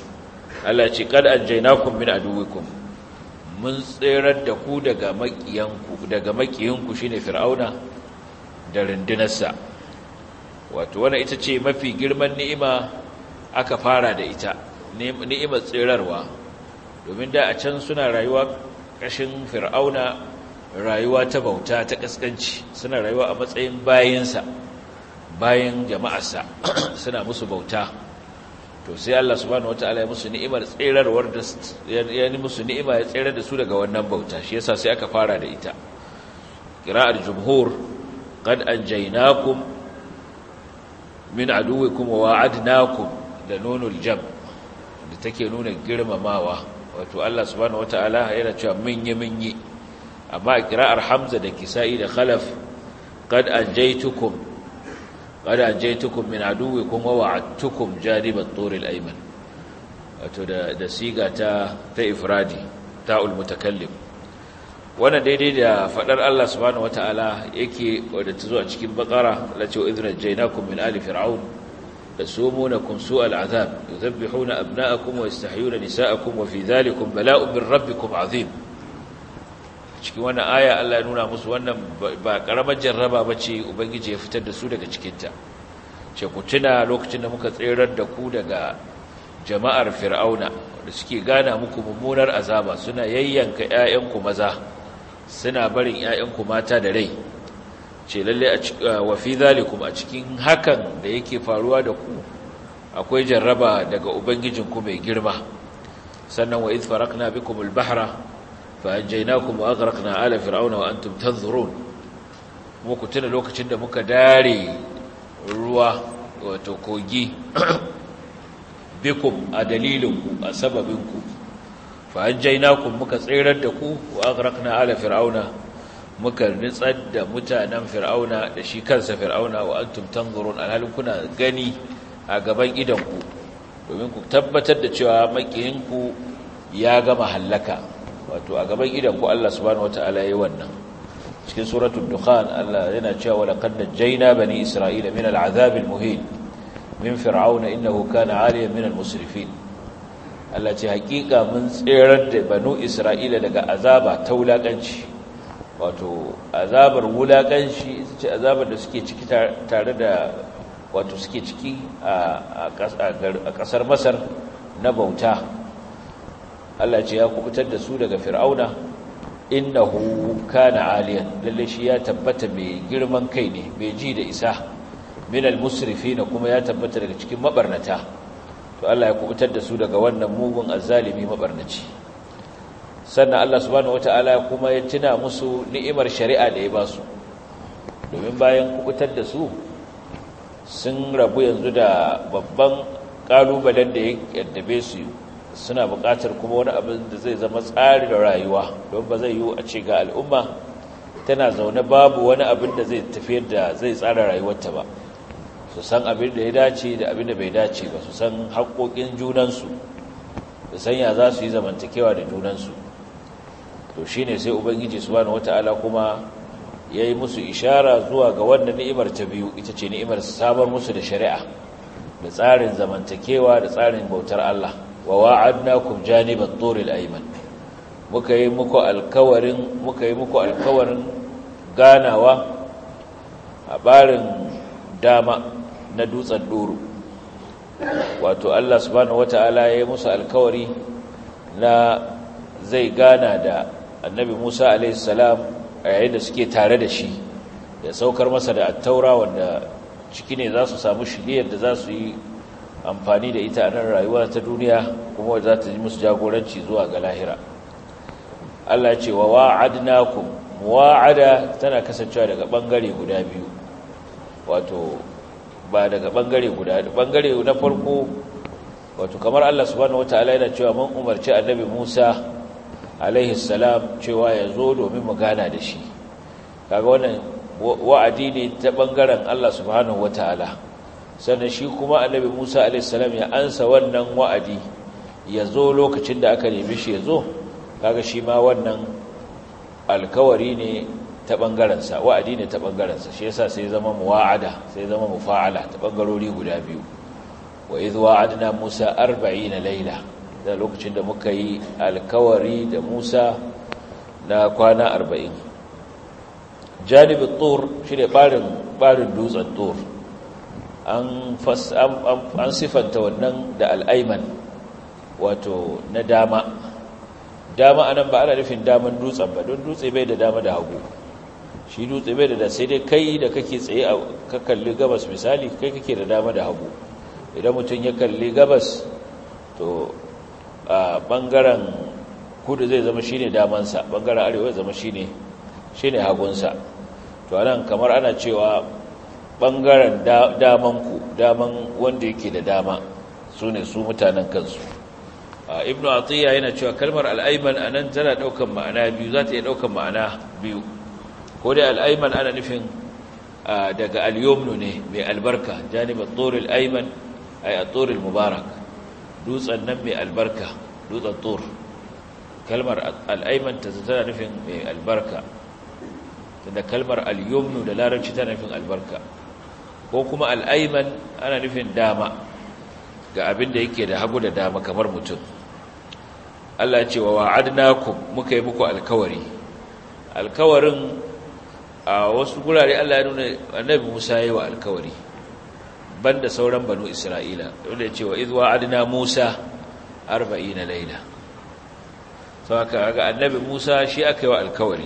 Allah ce kada an jaina ku min aduwikum mun tserar da ku daga maƙiyanku daga maƙiyanku shine fir'auna da rundunarsa wato wannan ita ce mafi girman ni'ima aka fara da ita ni'imar tserarwa domin da a can suna rayuwa ƙarƙashin fir'auna rayuwa ta bauta ta ƙasƙanci suna rayuwa a matsayin bayansa bayan jama'arsa suna musu bauta to sai Allah subhanahu wataala ya musu ni'imar tserarwar da ya ni musu ni'ima ya tserar da su daga wannan bauta shi yasa sai aka fara da ita qira'ar jumhur qad anjaynakum min aduwikum wa wa'adnakum da nunul jam da take nuna girmamawa wato Allah subhanahu wata'ala yana cewa mun yi. amma kira'ar hamza da kisa'i da khalaf qad anjaytukum qad anjaytukum min aduwwikum wa wa'adtukum janib at-tur al-ayman wato da da siga ta ta ifradi ta'ul mutakallim wannan daidai da fadar Allah subhanahu wata'ala yake wadda ta zo a cikin baƙara, la ce wa min ali fir'aun يسومونكم سوء العذاب يذبحون أبناءكم ويستحيون نساءكم وفي ذلكم بلاء من ربكم عظيم cikin wannan aya Allah ya nuna musu wannan ba karamar jarraba bace ubangiji ya fitar da su daga cikinta ce ku tuna lokacin da muka tserar da ku daga jama'ar fir'auna da suke gana muku mummunar azaba suna yayyanka ƴaƴanku maza suna barin ƴaƴanku mata da rai ce lalle ah, wa fi zalikum a cikin hakan da yake faruwa da ku akwai jarraba daga ubangijinku mai girma sannan wa idh farakna bikum al-bahra fa anjaynakum wa aghraqna ala fir'auna wa antum tanzurun ku tuna lokacin da muka dare ruwa wato kogi bikum a dalilinku a sababinku fa anjaynakum muka tsirar da ku wa aghraqna ala fir'auna muka nitsar da mutanen fir'auna da shi kansa fir'auna wa antum tanzurun alhalin kuna gani a gaban idanku domin ku tabbatar da cewa makiyinku ya gama hallaka wato a gaban idanku Allah subhanahu wataala yayi wannan cikin suratul dukkan Allah yana cewa da jaina bani isra'ila min al'azab al-muhin min fir'auna huka kana 'aliyan min al-musrifin Allah ce hakika mun tserar da banu isra'ila daga azaba ta wulakanci wato azabar wulaƙanshi ita ce azabar da suke ciki tare da wato suke ciki a ƙasar masar na bauta Allah ce ya kubutar da su daga fir'auna innahu na aliyan lalle shi ya tabbata mai girman kai ne mai ji da isa min na kuma ya tabbata daga cikin mabarnata to Allah ya kubutar da su daga wannan mugun azzalimi mabarnaci sannan Allah su bani subhanahu wataala kuma ya tuna musu ni'imar shari'a da ya ba su domin bayan kukutar da su sun rabu yanzu da babban kalubalen da ya yaddabe su suna buƙatar kuma wani abin da zai zama tsarin rayuwa don ba zai yiwu a ce ga al'umma tana zaune babu wani abin da zai tafiye da zai tsara rayuwarta ba su san abin da ya dace da abin da bai dace ba su san haƙoƙin junansu su san ya za su yi zamantakewa da junansu to ne sai ubangiji subhanahu wataala kuma yi musu ishara zuwa ga wannan ni'imar ta biyu ita ce ni'imar samar musu da shari'a da tsarin zamantakewa da tsarin bautar Allah wa wa'adnakum janibat turil ayman muka yi muku alkawarin muka yi muku alkawarin ganawa a barin dama na dutsen doro wato Allah subhanahu ya yayi musu alkawari na zai gana da annabi Musa alaihi salam a yayin da suke tare da shi ya saukar masa da attaura wanda ciki ne za su samu shiriyar da za su yi amfani da ita a nan rayuwa ta duniya kuma za ta yi musu jagoranci zuwa ga lahira Allah ce wa wa'adnakum wa'ada tana kasancewa daga bangare guda biyu wato ba daga bangare guda bangare na farko wato kamar Allah subhanahu wataala yana cewa mun umarci annabi Musa alaihi salam cewa ya zo domin mu gana da shi kaga wannan wa'adi ne ta bangaren Allah subhanahu wataala sannan shi kuma annabi Musa alaihi salam ya ansa wannan wa'adi ya zo lokacin da aka nemi shi ya zo kaga shi ma wannan alkawari ne ta sa wa'adi ne ta bangarensa shi yasa sai zama muwa'ada sai zama mufa'ala ta bangarori guda biyu wa idh wa'adna Musa 40 layla da lokacin da muka yi alkawari da musa na kwana arba'in janibin tur shi ne ɓarin dutsen tur an siffanta wannan da al'aiman wato na dama dama anan ba ana nufin daman dutsen ba don dutse bai da dama da hagu shi dutse bai da sai dai kai da kake tsaye a kakalli gabas misali kai kake da dama da hagu idan mutum ya kalli gabas to bangaren kudu zai zama shine damansa bangaren arewa zai zama shine shine hagunsa to anan kamar ana cewa bangaren damanku daman wanda yake da dama su ne su mutanen kansu ibnu atiya yana cewa kalmar al'aiman anan tana daukan ma'ana biyu za ta iya ɗaukan ma'ana biyu ko dai al'aiman ana nufin daga al-yumnu ne mai albarka janibin turil aiman ay a turil mubarak dutsen nan mai albarka dutsen tur kalmar al'aiman ta tana nufin mai albarka tunda kalmar al'yomnu da larabci tana nufin albarka ko kuma al'aiman ana nufin dama ga abin da yake da hagu da dama kamar mutum Allah ce wa ku muka yi muku alkawari alkawarin a wasu gurare Allah ya nuna annabi Musa yi wa alkawari banda sauran banu isra'ila dole ce wa idwa adna musa 40 laila sau aka ga annabi musa shi aka yi wa alkawari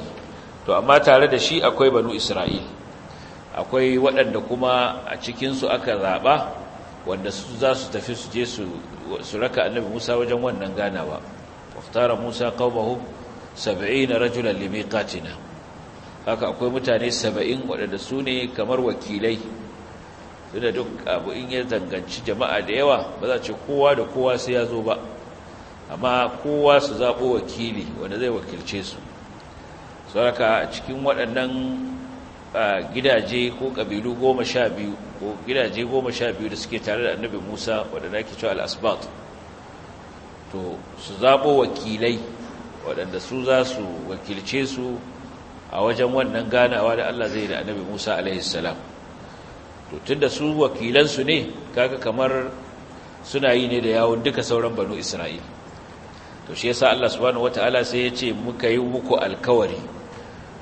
to amma tare da shi akwai banu isra'il akwai waɗanda kuma a cikinsu aka zaɓa wanda su za su tafi su je su raka annabi musa wajen wannan ganawa waftara musa na 70 rajulan limiqatina haka akwai mutane saba'in waɗanda su ne kamar wakilai tunda duk abu in ya zanganci jama'a da yawa ba za ce kowa da kowa sai ya zo ba amma kowa su zaɓo wakili wanda zai wakilce su sauraka cikin waɗannan gidaje ko ƙabilu goma sha biyu ko gidaje goma sha biyu da suke tare da annabi musa waɗanda ake cewa al'asbat to su zaɓo wakilai waɗanda su za su wakilce su a wajen wannan ganawa da allah zai da annabi musa salam to da su wakilansu ne kaga kamar suna yi ne da yawon duka sauran banu isra'il to shi yasa Allah subhanahu wataala sai ya ce muka yi muku alkawari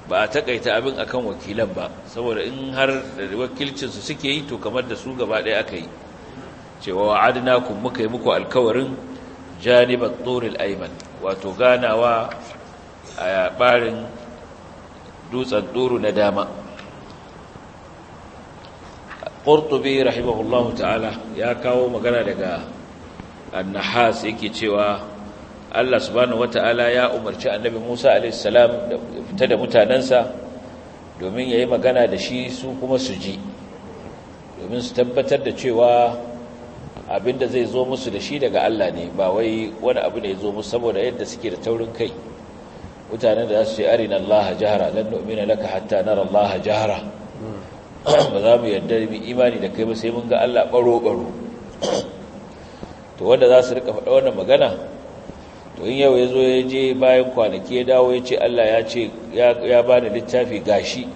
ba a takaita abin akan wakilan ba saboda in har wakilcin su suke yi to kamar da su gaba ɗaya aka yi cewa wa'adnakum muka yi muku alkawarin janibat turil ayman wato ganawa a barin dutsen duru na dama qurtubi rahimahullahu ta'ala ya kawo magana daga Annahas yake cewa Allah subhanahu wata'ala ya umarci annabi Musa alayhi salam da fita da mutanansa domin yayi magana da shi su kuma su ji domin su tabbatar da cewa abinda zai zo musu da shi daga Allah ne ba wai wani abu ne ya zo musu saboda yadda suke da taurin kai mutanen da za su ce arina Allah jahara lan nu'mina laka hatta nara Allah jahara ba za mu yarda mu imani da kai ba sai mun ga Allah baro baro to wanda za su rika faɗa wannan magana to in yau ya zo ya je bayan kwanaki ya dawo ya ce Allah ya ce ya ba da littafi gashi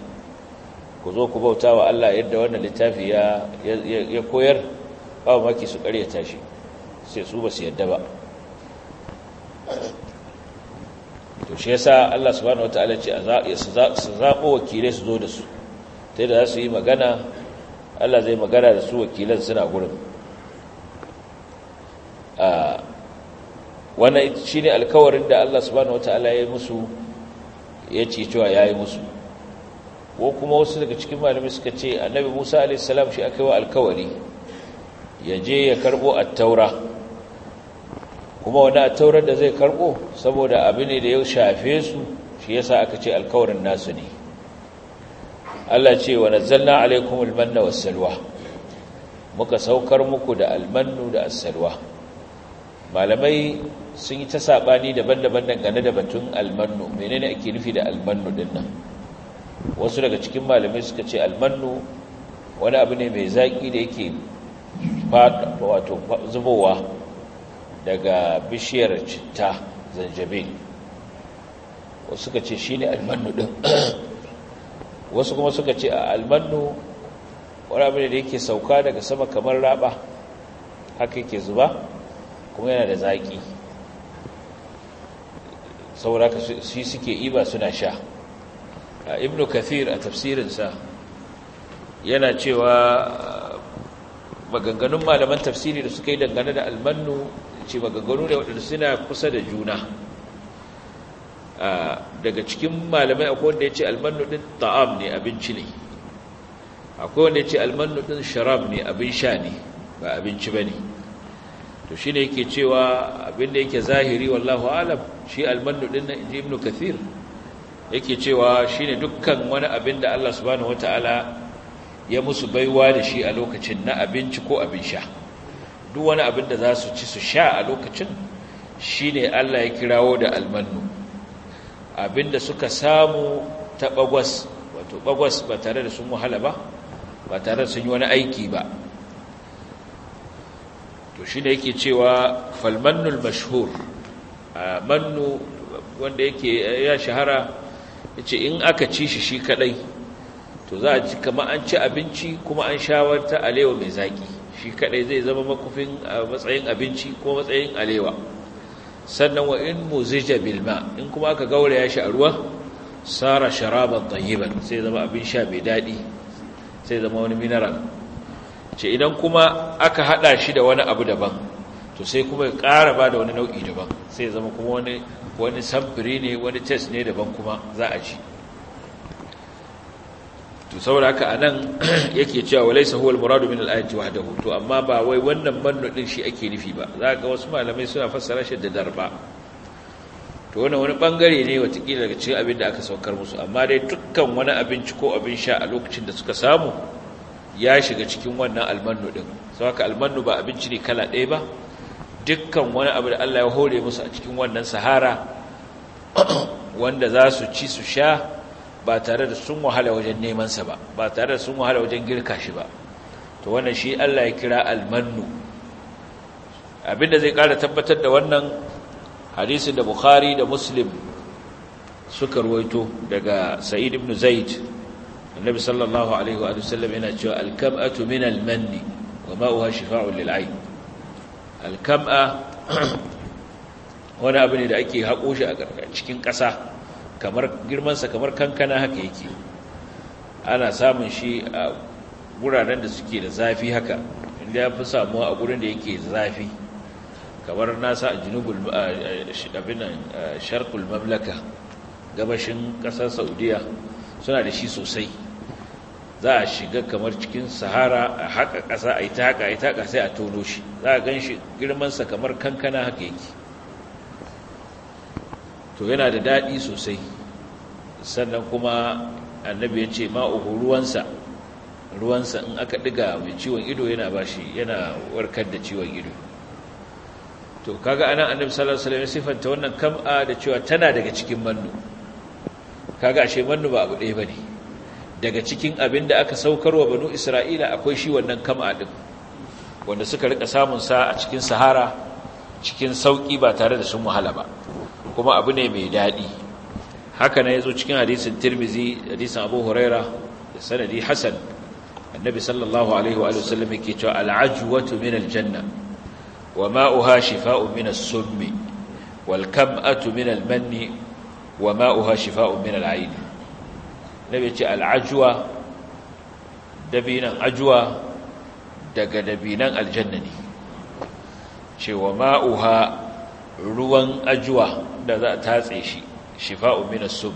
ku zo ku bauta wa Allah yadda wannan littafi ya koyar ba maki su karyata shi sai su ba su yarda ba to shi yasa Allah subhanahu wataala ce su zaɓo wakilai su zo da su sai da za su yi magana Allah zai magana da su wakilan suna gurin wannan shi ne alkawarin da Allah subhanahu wa ta'ala ya yi musu ya ce cewa ya yi musu ko kuma wasu daga cikin malamai suka ce annabi musa a.s. shi aka yi wa alkawari ya je ya karbo attaura kuma wani a taurar da zai karbo saboda abu ne da ya shafe su shi yasa aka ce alkawarin nasu ne Allah ce wa nazzalna alaikum almanna wassalwa muka saukar muku da almannu da assalwa malamai sun yi ta sabani daban-daban dangane da batun almannu menene ake nufi da almannu din nan wasu daga cikin malamai suka ce almannu wani abu ne mai zaki da yake fada wato zubowa daga bishiyar citta zanjabil wasu suka ce shine almannu din wasu kuma suka ce a almannu wani abin da yake sauka daga sama kamar raba haka yake zuba kuma yana da zaƙi ka shi suke iba suna sha A Ibn kathir a tafsirinsa yana cewa maganganun malaman tafsiri da suka yi dangane da almannu ce maganganu ne waɗanda suna kusa da juna Ah, daga cikin malamai akwai wanda ya ce almanu ɗin ta'am ne abinci ne akwai wanda ya ce almanu ɗin sharab ne abin sha ne ba abinci ba ne to shi ne yake cewa abinda yake zahiri wallahu alam shi almanu ɗin na inji ibn kathir yake cewa shi ne dukkan wani abin da allah subhanahu ta'ala ya musu baiwa da shi a lokacin na abinci ko abin sha duk wani abin da za su ci su sha a lokacin shi ne allah ya kirawo da almanu abinda suka samu ta bagwas wato bagwas ba tare da sun wahala ba ba tare da sun yi wani aiki ba to shi ne yake cewa falmannul mashhur mannu wanda yake ya shahara ya ce in aka ci shi shi kadai to za a ci kama an ci abinci kuma an shawarta alewa mai zaki shi kadai zai zama makufin matsayin abinci ko matsayin alewa sannan wa in muzija bil bilma, in kuma aka gauraya shi a ruwa sara sharabar tayyibar sai zama abin sha mai daɗi, sai zama wani mineral ce idan kuma aka haɗa shi da wani abu daban to sai kuma ya ƙara ba da wani nau'i daban sai zama kuma wani wani samfuri ne wani test ne daban kuma za a ci to saboda haka anan yake cewa laisa huwa al-muradu min al-ayati wahdahu to amma ba wai wannan mannu din shi ake nufi ba za ka wasu malamai suna fassara shi da darba to wannan wani bangare ne watakila daga cikin abin da aka saukar musu amma dai dukkan wani abinci ko abin sha a lokacin da suka samu ya shiga cikin wannan almannu din saboda almannu ba abinci ne kala ɗaya ba dukkan wani abu da Allah ya hore musu a cikin wannan sahara wanda za su ci su sha ba tare da sun wahala wajen nemansa ba ba tare da sun wahala wajen girka shi ba to wannan shi Allah ya kira almannu abinda zai ƙara tabbatar da wannan hadisin da bukhari da muslim suka ruwaito daga sa'id ibn zaid annabi sallallahu alaihi wa sallam yana cewa alkam'atu min almanni wa ma'uha shifa'un lil ayn alkam'a wani abu ne da ake haƙo shi a cikin ƙasa kamar girmansa kamar kankana haka yake ana samun shi a wuraren da suke da zafi haka inda ya fi samuwa a gurin da yake zafi kamar nasa a junubul sharkul mamlaka gabashin kasar saudiya suna da shi sosai za a shiga kamar cikin sahara a haka ƙasa a yi ta haka a yi ta haka sai a tono shi za a gan shi girmansa kamar kankana haka yake to yana da daɗi sosai sannan kuma annabi ya ce ma'uhu ruwansa ruwansa in aka ɗiga mai ciwon ido yana bashi yana warkar da ciwon ido to kaga anan annabi sallallahu alaihi wasallam sifanta wannan kam'a da cewa tana daga cikin mannu kaga ashe mannu ba abu ɗaya bane daga cikin abin da aka wa banu isra'ila akwai shi wannan kam'a din wanda suka rika samun sa a cikin sahara cikin sauki ba tare da sun wahala ba kuma abu ne mai daɗi haka na yazo cikin hadisin tirmizi hadisin abu huraira da sanadi Hassan. annabi sallallahu alaihi wa sallam yake cewa al'ajwatu min aljanna wa ma'uha shifa'un min as-summi wal kam'atu min al-manni wa ma'uha shifa'un min al-'ain nabi ce al'ajwa dabinan ajwa daga dabinan aljanna ne cewa ma'uha ruwan ajwa da za a tatse shi shifa'u min sum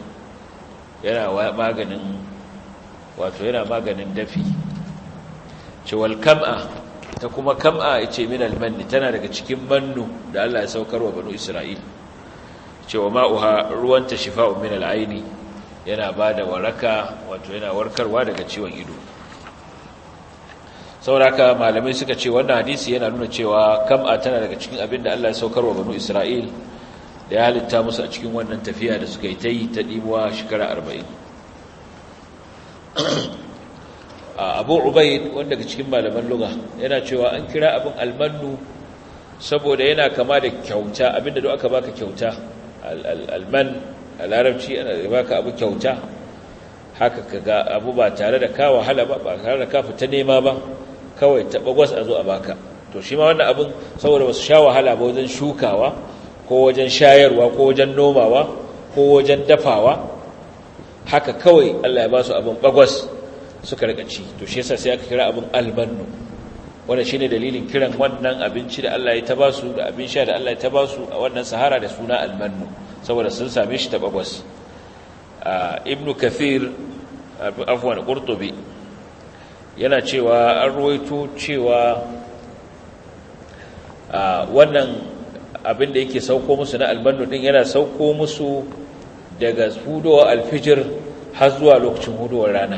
yana maganin wato yana maganin dafi ce wal kam'a ta kuma kam'a ce min al-manni tana daga cikin mannu da Allah ya saukarwa banu Isra'il ce wa ma'uha ruwanta shifa'u min aini yana bada waraka wato yana warkarwa daga ciwon ido sauraka malamai suka ce wannan hadisi yana nuna cewa kam'a tana daga cikin abin da Allah ya saukar wa banu Isra'il ya halitta musu a cikin wannan tafiya da suka yi ta yi ta ɗimuwa shekara arba'in abu ubaid wanda daga cikin malaman luga yana cewa an kira abin almanu saboda yana kama da kyauta abinda duk aka baka kyauta alman a larabci ana baka abu kyauta haka kaga abu ba tare da ka wahala ba ba tare da ka fita nema ba kawai taɓa gwas a zo a baka to shi ma wannan abin saboda wasu sha wahala ba wajen shukawa ko wajen shayarwa ko wajen nomawa ko wajen dafawa haka kawai Allah ya ba su abin bagwas suka rikaci. to shi yasa sai aka kira abin albannu wanda shine dalilin kiran wannan abinci da Allah ya ta ba su da abin sha da Allah ya ta ba su a wannan sahara da suna albannu saboda sun same shi ta bagwas ibn kathir afwan qurtubi yana cewa an ruwaito cewa wannan abinda yake sauko musu na albannu din yana sauko musu daga hudowar alfijir har zuwa lokacin hudowar rana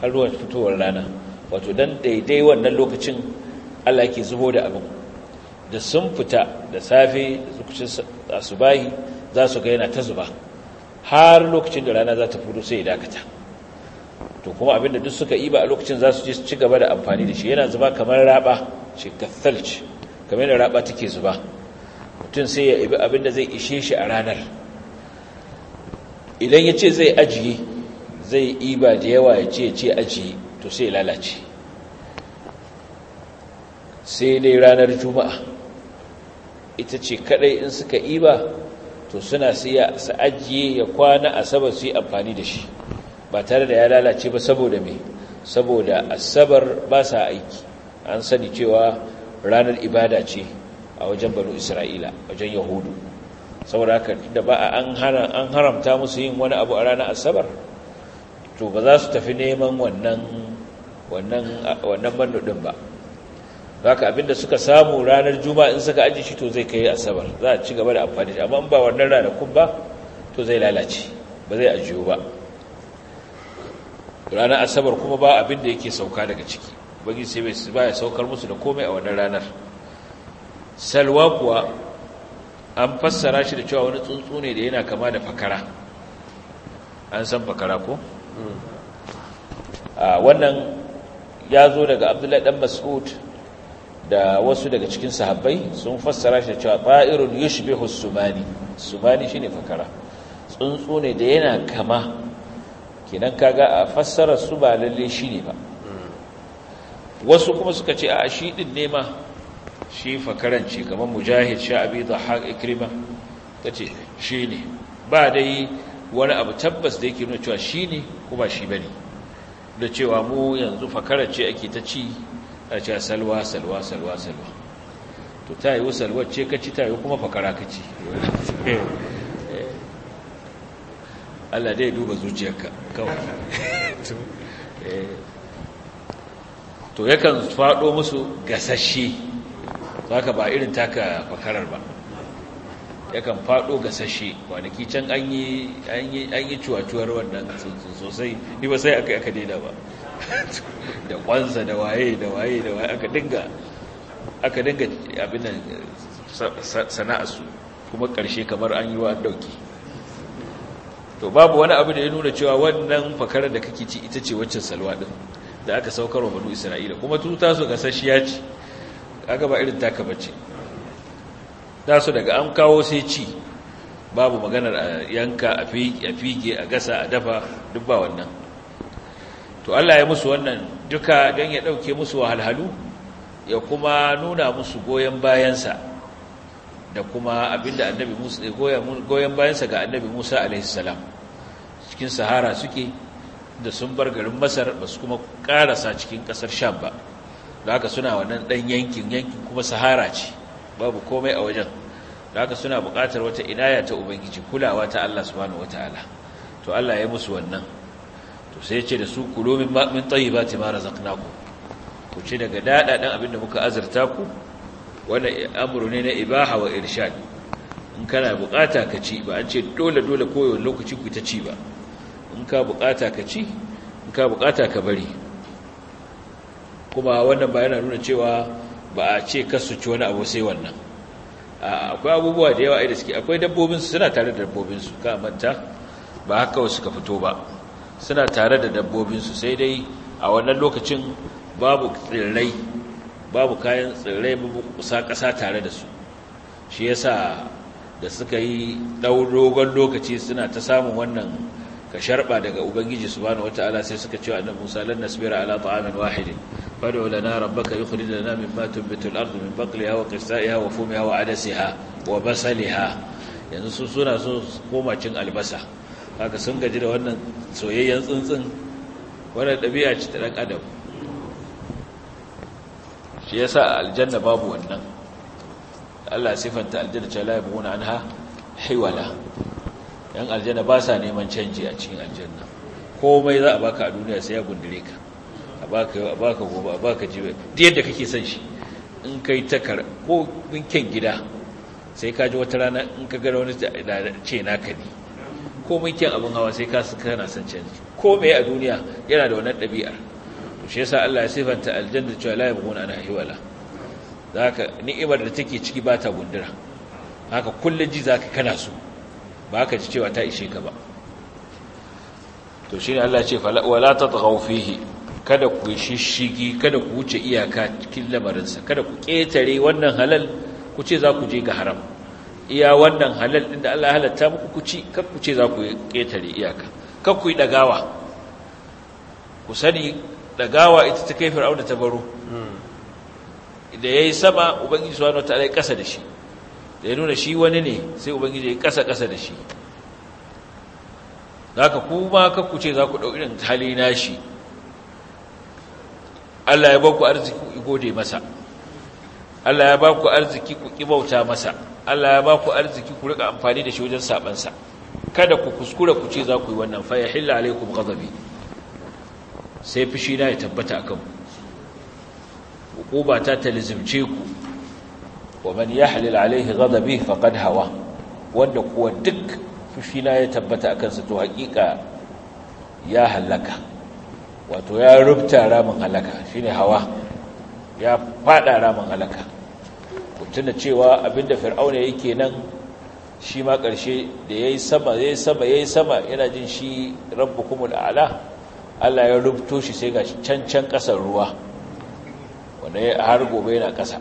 har zuwa fitowar rana wato dan daidai wannan lokacin Allah yake zubo da abin da sun fita da safe lokacin asubahi za su ga yana ta zuba har lokacin da rana za ta fudo sai ya dakata to kuma abinda duk suka yi ba a lokacin za su ci gaba da amfani da shi yana zuba kamar raba shi kasalci kamar yadda raba take zuba mutum sai ya ibi abin da zai ishe shi a ranar idan ya ce zai ajiye zai iba da yawa ya ce ce ajiye to sai lalace sai dai ranar juma'a ita ce kadai in suka iba to suna siya su ajiye ya kwana asabar su yi amfani da shi ba tare da ya lalace ba saboda mai saboda asabar ba sa aiki an sani cewa ranar ibada ce a wajen banu isra'ila wajen yahudu saboda haka da ba an haramta musu yin wani abu a ranar asabar to ba za su tafi neman wannan manudin ba ka abinda suka samu ranar juma'a in suka aji shi to zai kai asabar za a ci gaba da amfani shi amma ba wannan ranakun ba to zai lalace ba zai ajiyo ba ranar asabar kuma ba abinda yake sauka daga ciki bagi sai ba ya saukar musu da komai a wannan ranar salwa kuwa an fassara shi da cewa wani tsuntsu ne da yana kama da fakara an san fakara ko wannan ya zo daga abdullahi dan mas'ud da wasu daga cikin sahabbai sun fassara shi da cewa ta'irun yushbihu sumani sumani shine fakara tsuntsu ne da yana kama kenan kaga a fassara su ba lalle shine ba wasu kuma suka ce a shi din ne ma shi fakaran ce kamar mujahid abi da haƙ ikrima ta ce shi ne ba dai wani abu tabbas da yake nuna cewa shi ne kuma shi ba ne da cewa mu yanzu fakaran ce ake ta ci a cewa salwa salwa salwa salwa to ta yi salwa ce ka ci ta yi kuma fakara ka ci eh. Allah dai duba zuciyarka kawai eh. to yakan faɗo musu gasashi zaka ba irin taka fakarar ba yakan fado ga sashe kwanaki can an yi cuwacuwar wannan tsuntsun sosai ni ba sai aka aka daina ba da kwanza da waye da waye da waye aka dinga aka dinga abin nan su kuma karshe kamar an yi wa dauki to babu wani abu da ya nuna cewa wannan fakarar da kake ci ita ce waccan salwa din da aka saukar wa banu isra'ila kuma tuta su ga sashiya ce kaga ba irin taka bace su daga an kawo sai ci babu maganar a yanka a fige a gasa a dafa duk ba wannan to Allah ya musu wannan duka don ya ɗauke musu wahalhalu ya kuma nuna musu goyon bayansa da kuma abinda annabi Musa goyon bayansa ga annabi Musa alaihi cikin sahara suke da sun bar garin Masar ba su kuma karasa cikin ƙasar Sham ba da haka suna wannan ɗan yankin yankin kuma sahara ce babu komai a wajen da haka suna buƙatar wata inaya ta ubangiji kulawa ta Allah subhanahu wataala to Allah ya musu wannan to sai ya ce da su kulo min min tayyibati ma zakna ku ci daga dadadan abinda muka azurta ku wanda amru ne na ibaha wa irshad in kana buƙata ka ci ba an ce dole dole koyo lokaci ku ta ci ba in ka buƙata ka ci in ka buƙata ka bari kuma wannan ba nuna cewa ba a ce kasu ci wani abu sai wannan akwai abubuwa da yawa da suke akwai dabbobinsu suna tare da dabbobinsu ka manta ba haka wasu ka fito ba suna tare da dabbobinsu sai dai a wannan lokacin babu tsirrai babu kayan tsirrai babu kusa ƙasa tare da su shi yasa da suka yi dogon lokaci suna ta samun wannan ka sharba daga ubangiji subhanahu wataala sai suka cewa annabi Musa lan nasbira ala ta'amin wahidin fad'u lana rabbaka yukhrij lana mimma tunbitu al ardh min baqliha wa qithaiha wa fumiha wa adasiha wa basaliha yanzu su suna so koma cin albasa haka sun gaji da wannan soyayyen tsuntsun wannan dabi'a ce ta dan adam shi yasa aljanna babu wannan Allah sifanta aljanna ta la yabuna anha hiwala yan aljanna ba sa neman canji a cikin aljanna komai za a baka a duniya sai ya gundure ka a baka yau a baka gobe a baka jibe duk yadda kake son shi in kai ta kar ko binken gida sai ka ji wata rana in ka gara wani ce naka ne komai kyan abin hawa sai ka kana son canji komai a duniya yana da wannan ɗabi'ar to shi yasa Allah ya sifanta aljanna cewa la yabghuna anha hiwala zaka ni'imar da take ciki ba ta gundura haka kullum ji zaka kana so ba ka ci cewa ta ishe ka ba to shi ne Allah ce wala ta fihi kada ku shishigi kada ku wuce iyaka cikin lamarinsa kada ku ƙetare wannan halal ku ce za ku je ga haram iya wannan halal ɗin da Allah halatta muku ku ci kar ku ce za ku ƙetare iyaka kar ku yi ɗagawa ku sani ɗagawa ita ta kai fir'auna ta baro hmm. da ya yi sama ubangiji subhanahu ta'ala ya ƙasa da shi da ya nuna shi wani ne sai ubangiji ya kasa kasa da shi zaka ku ma kakku ce za ku ɗau irin hali na shi Allah ya ba ku arziki ku gode masa Allah ya ba ku arziki ku kibauta masa Allah ya ba ku arziki ku rika amfani da shi wajen sabansa kada ku kuskura ku ce za ku yi wannan fa hila alaikum gazabi sai fushi na ya tabbata akan ku ba ta talizimce ku wa man yahlil alaihi ghadabi faqad hawa wanda kuwa duk fushina ya tabbata a kansa to hakika ya halaka wato ya rubta ramin halaka shine hawa ya fada ramin halaka tunda cewa abinda fir'auna yake nan shi ma ƙarshe da yi sama yayi sama yayi sama yana jin shi da a'la Allah ya rubto shi sai ga can can ƙasar ruwa wanda har gobe yana ƙasa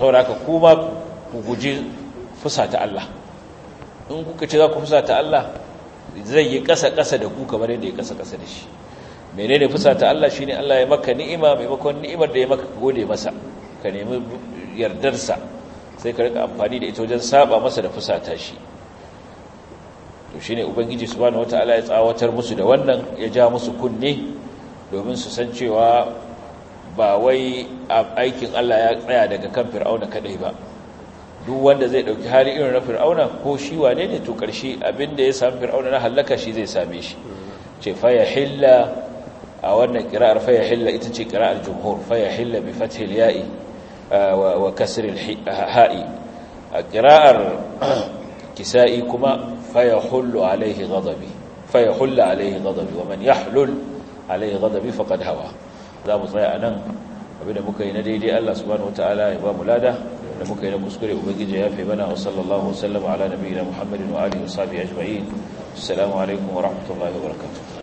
saboda ka ku ba ku guji fusata Allah in kuka ce za ku ta Allah zai yi ƙasa-ƙasa da ku kamar yadda ya ƙasa-ƙasa da shi menene fusata Allah shine Allah ya maka ni'ima maimakon ni'imar da ya maka gode masa ka nemi yardarsa sai ka rika amfani da ita wajen saba masa da ta shi to shine ubangiji subhanahu wataala ya tsawatar musu da wannan ya ja musu kunne domin su san cewa ba wai aikin Allah ya tsaya daga kan fir'auna kadai ba duk wanda zai dauki hali irin na fir'auna ko shi wane ne to karshe abinda ya samu fir'auna na halaka shi zai same shi ce fa a wannan qira'ar fa yahilla ita ce qira'ar jumhur fa hilla bi fathi al-ya'i wa kasr al-ha'i qira'ar kisa'i kuma fa yahullu alayhi ghadabi fa yahullu alayhi ghadabi wa man yahlul alayhi ghadabi faqad hawa za mu tsaya a nan abin da muka yi na daidai Allah subhanahu wataala ya ba mu lada da muka yi na kuskure ubangiji ya fi mana wa sallallahu wasallama ala nabiyina muhammadin wa alihi wa sahbihi ajma'in assalamu alaikum wa rahmatullahi wa barakatuh